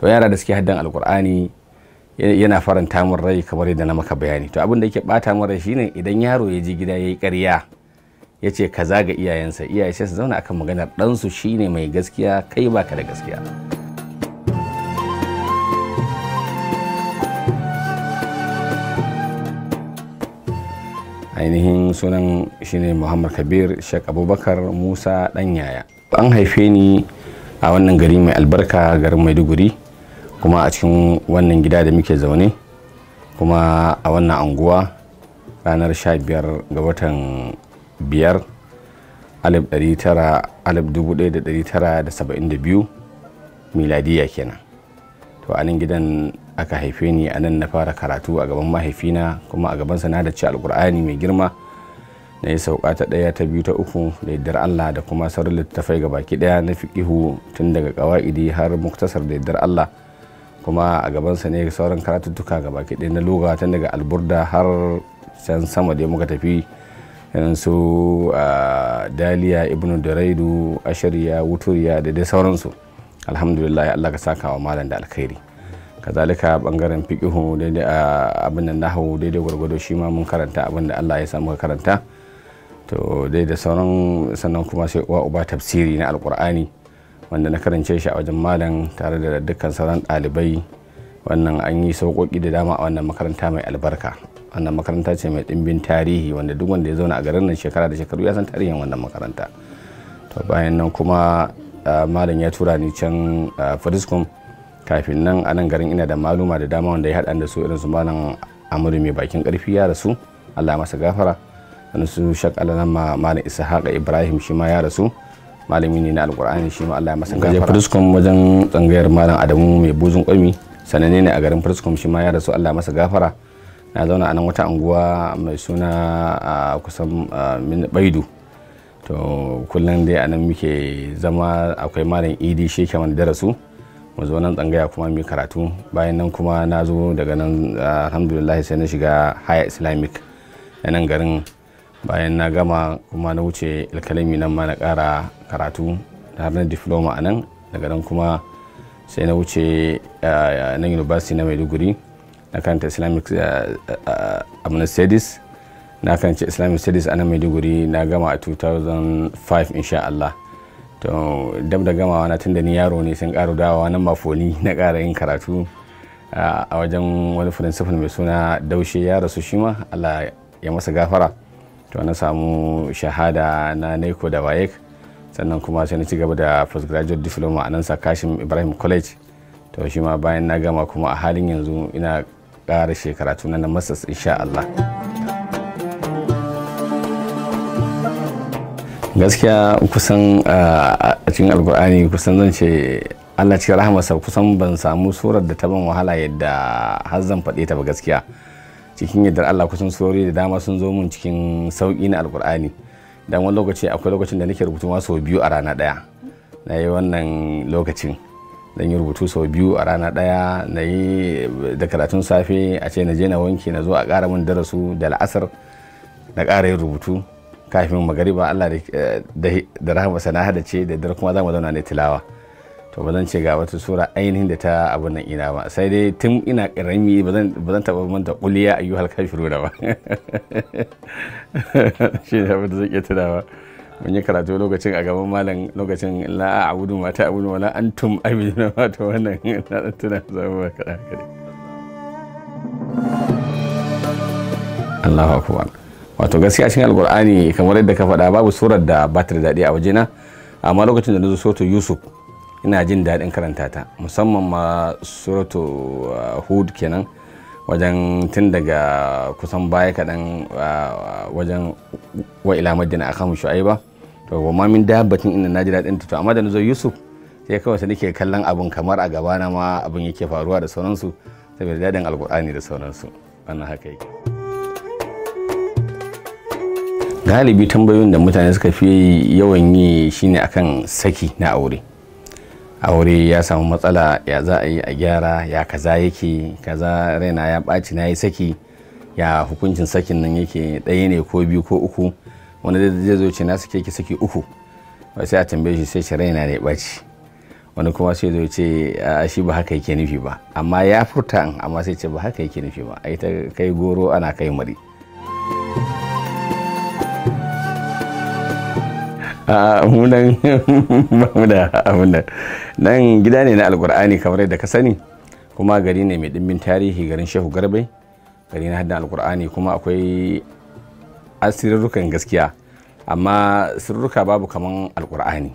to yara da suke haddan alkur'ani yana faranta min rai kamar yadda na maka bayani to abin da yake bata mun rai shine idan yaro ya je gida yayi ƙarya ya ce kaza ga iyayensa iyaye su zauna akan maganar ɗansu shine mai gaskiya kai baka da gaskiya ainihin sunan shine muhammad kabir shek abubakar musa yaya. an haife ni a wannan gari mai albarka garin maiduguri kuma a cikin wannan gida da muke zaune kuma a wannan anguwa ranar 15 ga watan 5 1972 miladiya kenan to a nan gidan aka haife ni a nan na fara karatu a gaban mahaifina kuma a gaban na da ci alkur'ani mai girma na yi sauka ta ɗaya ta biyu ta uku da yaddar Allah da kuma sauran littattafai ga baki ɗaya na fiƙihu tun daga ƙawa'idi har muktasar da yaddar Allah kuma a gabansa ne sauran karatuttuka ga baki ɗaya na luga tun daga alburda har can sama da muka tafi su daliya ibnu duraidu ashariya wuturiya da dai sauransu alhamdulillah allah ka saka wa malam da alkhairi kazalika bangaren fikihu daidai abin da nahu daidai gwargwado shi ma mun karanta abin da Allah ya samu karanta to daidai sauran sannan kuma sai uwa uba tafsiri na alkur'ani wanda na karance shi a wajen malam tare da dukkan sauran ɗalibai wannan an yi sauƙoƙi da dama a wannan makaranta mai albarka wannan makaranta ce mai ɗimbin tarihi wanda duk wanda ya zauna a garin nan shekara da shekaru ya san tarihin wannan makaranta to bayan nan kuma malam ya tura ni can friskum kafin nan a nan garin ina da maluma da dama wanda ya haɗa da su irin su malam amadu mai bakin ƙarfi ya rasu allah masa gafara wani su shak alanama malam haƙa ibrahim shi ma ya rasu malami ne na alkur'ani shi ma Allah ya masa gafara gaje friskom wajen tsangayar malam Adamu mai buzun kwami sananne ne a garin friskom shi ma ya rasu Allah ya masa gafara na zauna a nan wata anguwa mai suna a kusan baidu to kullum dai a nan muke zama akwai malam idi sheke wanda rasu mu zo nan tsangaya kuma mai karatu bayan nan kuma na zo daga nan alhamdulillah sai na shiga haya islamic na garin bayan na gama kuma na wuce alkalami nan ma na kara karatu har na diploma a nan daga nan kuma sai na wuce na university na maiduguri na karanta islamic a na karanci islamic studies a nan maiduguri na gama a 2005 insha Allah to dab da gamawa na tun da ni yaro ne sun karo dawa nan mafoni na kara yin karatu a wajen wani principal mai suna daushe ya rasu shi ma Allah ya masa gafara to na samu shahada na neko da bayek sannan kuma sai na ci gaba da postgraduate diploma a nan sakashin ibrahim college to shi ma bayan na gama kuma a halin yanzu ina ƙara tuna na masas insha Allah gaskiya kusan ah, a cikin alkur'ani kusan zan ce Allah cikin rahamarsa kusan ban samu surar da ta ban wahala yadda har zan faɗe ta ba gaskiya cikin yadda Allah kusan surori da dama sun zo mun cikin sauƙi na alkur'ani dan wani lokaci akwai lokacin da nake rubutu ma sau biyu a rana daya na yi wannan lokacin dan yi rubutu sau biyu a rana daya na yi da karatun safe a ce na je na wanke na zo a ƙara min darasu da la'asar na ƙara yin rubutu kafin magariba Allah da rahama eh, Sana'a da ce da dare kuma za mu zauna ne tilawa to ba zan ce ga wata sura ainihin da ta abun nan ina ba sai dai tun ina karami ba zan taɓa manta kuliya ayu halka shiru da ba shi ne abin da zai iya tunawa mun yi karatu lokacin a gaban malam lokacin la a'budu mata ta a'budu wala antum abiduna ma wannan na dan tuna zama ba kada kada Allahu akbar wato gaskiya cikin alqur'ani kamar yadda ka faɗa babu surar da ba ta da daɗi a wajena amma lokacin da na zo soto yusuf ina jin daɗin karanta ta musamman ma suratu uh, hud kenan wajen tun daga kusan baya kaɗan uh, wajen wa ila madina a kamun shu'aiba to wa ma min dabbatin inda na ji daɗin ta to amma da nazo yusuf sai kawai sai nake kallon abin kamar a gaba gabana ma abin yake faruwa da sauransu saboda daɗin alkur'ani da sauransu wannan haka yake galibi tambayoyin da mutane suka fi yawan yi shine akan saki na aure aure ya samu matsala ya za a yi a gyara ya kaza yake kaza raina ya ɓaci na yi saki ya hukuncin sakin nan yake ɗaya ne ko biyu ko uku wani zai zo ce na sake ki saki uku ba sai a tambaye shi sai ce raina ne ɓaci wani kuma sai zo ce shi ba haka yake nufi ba amma ya furta amma sai ce ba haka yake nufi ba a ta kai goro ana kai mari a munan nan gida ne na alkur'ani kamar yadda ka sani kuma gari ne mai dimbin tarihi garin shehu garbai gari na haddan alkur'ani kuma akwai asirarrukan gaskiya amma sirruka babu kamar alkur'ani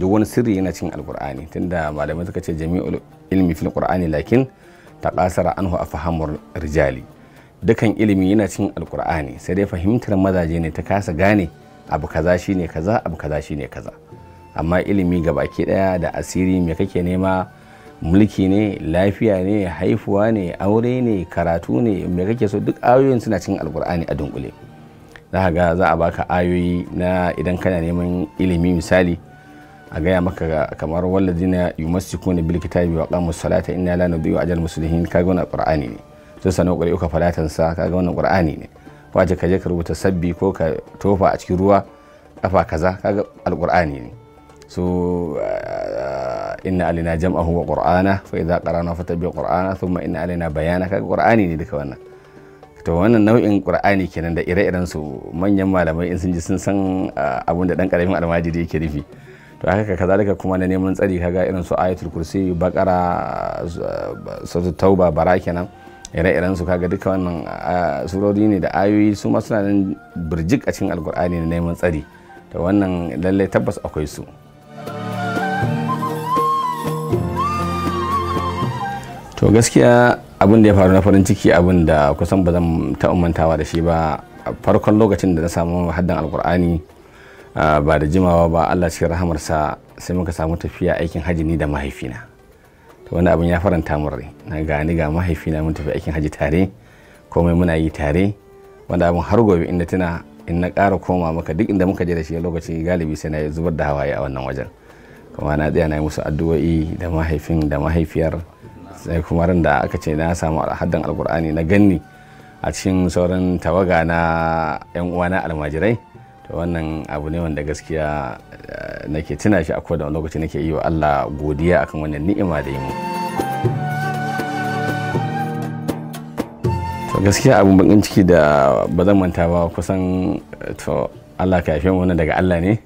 duk wani sirri yana cikin alkur'ani tunda malamai suka ce jami'ul ilmi fil qur'ani lakin taqasara anhu afhamur rijali dukan ilimi yana cikin alkur'ani sai dai fahimtar mazaje ne ta kasa gane abu kaza shine kaza abu kaza shine kaza amma ilimi ga baki daya da asiri me kake nema mulki ne lafiya ne haifuwa ne aure ne karatu ne me kake so duk ayoyin suna cikin alkur'ani a dunkule za ga za a baka ayoyi na idan kana neman ilimi misali a gaya maka kamar walladina yumassikuna bil kitabi wa qamu salata inna la nudhi'u ajal muslimin kaga wannan qur'ani ne sai sanan qur'ani ka falatan sa kaga wannan qur'ani ne wace ka je ka rubuta sabbi ko ka tofa a cikin ruwa kafa kaza kaga alqur'ani ne so eh, inna alaina jam'ahu wa qur'ana fa idza qara'na tabi qur'ana thumma inna alaina bayana kaga qur'ani ne duka wannan to wannan nau'in qur'ani kenan da ire-iren su manyan malamai in sun ji sun san eh, abun da dan karamin almajiri yake rufi to haka kazalika kuma na neman tsari kaga irin su ayatul kursi bakara eh, suratul tauba bara kenan ire-iren su kaga duka wannan surori ne da ayoyi su ma suna nan birjik a cikin alkur'ani na neman tsari da wannan lallai tabbas akwai su to gaskiya abin da ya faru na farin ciki abin da kusan ba zan ta mantawa da shi ba farkon lokacin da na samu haddan alkur'ani ba da jimawa ba allah cikin rahamarsa sai muka samu tafiya aikin hajji ni da mahaifina to wani abin ya faranta mun rai na gani ga mahaifina mun tafi aikin haji tare komai muna yi tare wanda abin har gobe in na kara in na ƙara koma maka duk inda muka je da shi lokaci galibi sai na zubar da hawaye a wannan wajen kuma na tsaya na yi musu addu'o'i da mahaifin da mahaifiyar sai kuma ran da aka ce na samu haddan alkur'ani na ganni a cikin sauran tawaga na yan uwa na almajirai to wannan abu ne wanda gaskiya eh, nake tuna shi a koda wani lokaci nake yi wa Allah godiya akan wannan ni'ima da yi mu to gaskiya abun bakin ciki da ba zan manta ba kusan to Allah ka yafe mu daga Allah ne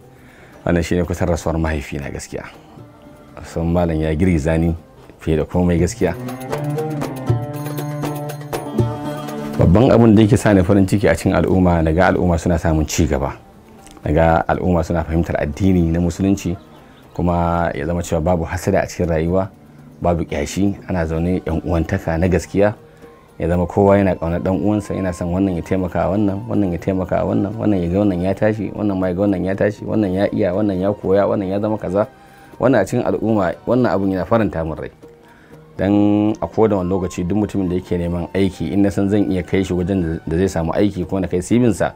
wannan shine kusan rasuwar mahaifina gaskiya sun malam ya giri zani fiye da komai gaskiya babban abin da yake sa ni farin ciki a cikin al'umma daga al'umma suna samun ci gaba daga al'umma suna fahimtar addini na musulunci kuma ya zama cewa babu hasada a cikin rayuwa babu kyashi ana zaune yan uwantaka na gaskiya ya zama kowa yana kauna dan uwansa yana son wannan ya taimaka wannan wannan ya taimaka wannan wannan ya ga wannan ya tashi wannan ma ya ga wannan ya tashi wannan ya iya wannan ya koya wannan ya zama kaza wannan a cikin al'umma wannan abun yana faranta min rai dan a koda wani lokaci duk mutumin da yake neman aiki in na san zan iya kai shi wajen da zai samu aiki ko na kai sibinsa sa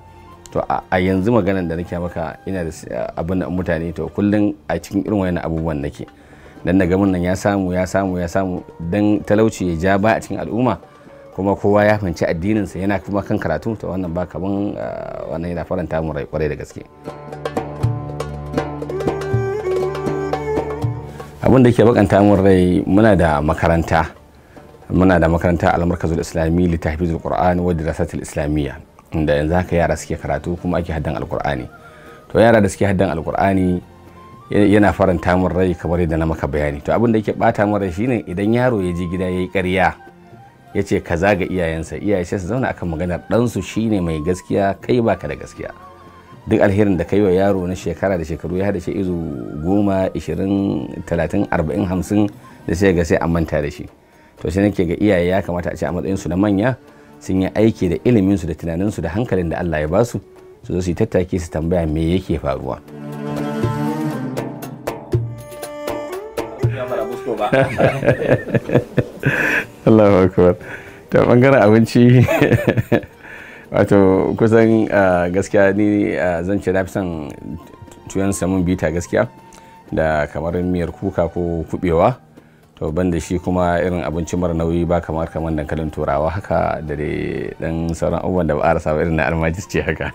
to a yanzu maganan da nake maka ina da abin da mutane to kullun a cikin irin wayan abubuwan nake dan daga mun nan ya samu ya samu ya samu dan talauci ya ja ba a cikin al'umma kuma kowa ya fahimci addinin sa yana kuma kan karatu to wannan ba kaman wannan yana faranta mu rai kwarai da gaske abin da ke bakanta mun rai muna da makaranta muna da makaranta al-markazul islami li tahfizul qur'an wa dirasatil islamiyya da yanzu haka yara suke karatu kuma ake haddan alkur'ani to yara da suke haddan alkur'ani yana faranta min rai kamar yadda na maka bayani to abin da yake bata min rai shine idan yaro ya je gida yayi ƙarya ya ce kaza ga iyayensa iyaye sai su zauna akan maganar ɗansu shine mai gaskiya kai baka da gaskiya duk alherin da kai wa yaro na shekara da shekaru ya hada shi izu goma ishirin talatin arba'in hamsin da sai ga sai an manta da shi to sai nake ga iyaye ya kamata a ce a matsayin su na manya sun yi aiki da iliminsu da tunaninsu da hankalin da Allah ya ba su su zo su yi su tambaya me yake faruwa Allah akbar ta bangaren abinci wato kusan gaskiya ni zan ce na fi son tuyon samun bita gaskiya da kamar miyar kuka ko kubewa to ban da shi kuma irin abinci mara nauyi ba kamar kamar dankalin turawa haka da dai dan sauran abubuwan da ba a rasa irin na almajis ce haka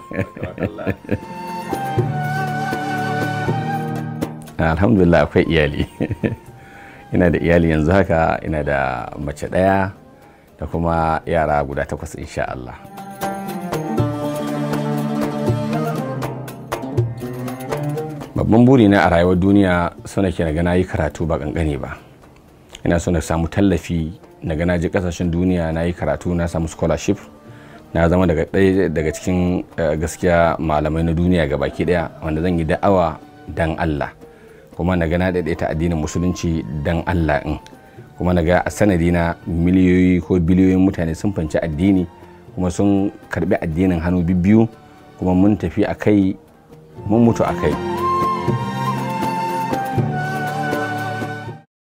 alhamdulillah akwai iyali ina da iyali yanzu haka ina da mace ɗaya da kuma yara guda takwas insha Allah babban burina a rayuwar duniya suna ke na yi karatu ba kankani ba ina so na samu tallafi na na je kasashen duniya na yi karatu na samu scholarship na zama daga ɗaya daga cikin eh, gaskiya malamai na duniya ga baki ɗaya wanda zan yi da'awa dan Allah kuma na gana ta addinin musulunci dan Allah in kuma na ga a sanadina miliyoyi ko biliyoyin mutane sun fanci addini kuma sun karbi addinin hannu biyu kuma mun tafi a kai mun mutu a kai.